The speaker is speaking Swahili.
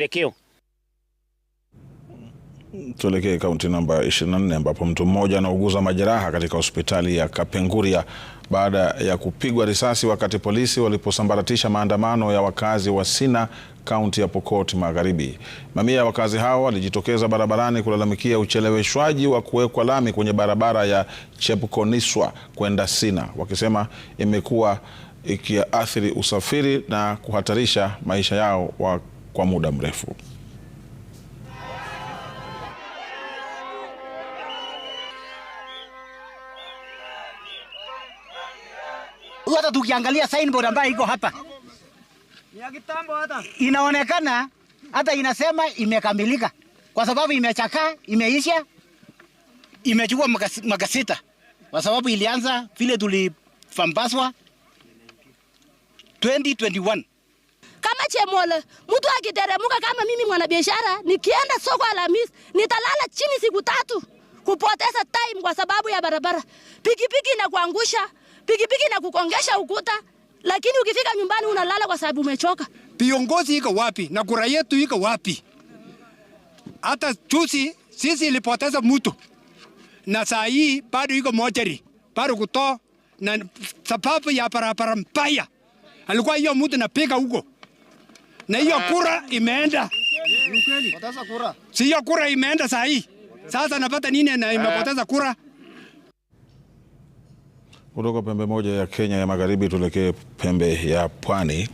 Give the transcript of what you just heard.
Lekeo. Tuelekee kaunti namba 24 ambapo mtu mmoja anauguza majeraha katika hospitali ya Kapenguria baada ya kupigwa risasi wakati polisi waliposambaratisha maandamano ya wakazi wa Sina, kaunti ya Pokot Magharibi. Mamia ya wakazi hao walijitokeza barabarani kulalamikia ucheleweshwaji wa kuwekwa lami kwenye barabara ya Chepkoniswa kwenda Sina, wakisema imekuwa ikiathiri usafiri na kuhatarisha maisha yao wa kwa muda mrefu. Hata tukiangalia signboard ambayo iko hapa inaonekana hata inasema imekamilika, kwa sababu imechakaa, imeisha, imechukua mwaka sita, kwa sababu ilianza vile tulipambaswa 2021 niache mola. mtu akiteremuka kama mimi mwanabiashara, nikienda soko Alhamisi nitalala chini siku tatu kupoteza time kwa sababu ya barabara. Pikipiki inakuangusha, pikipiki inakukongesha ukuta, lakini ukifika nyumbani unalala kwa sababu umechoka. Viongozi iko wapi na kura yetu iko wapi? Hata chusi sisi ilipoteza mtu na saa hii bado iko mochari, bado kutoa na sababu ya barabara mbaya. Alikuwa hiyo mtu napika huko na hiyo kura imeenda, si hiyo kura imeenda saa hii. Sasa napata nini na imepoteza kura? Kutoka pembe moja ya Kenya ya magharibi tuelekee pembe ya pwani.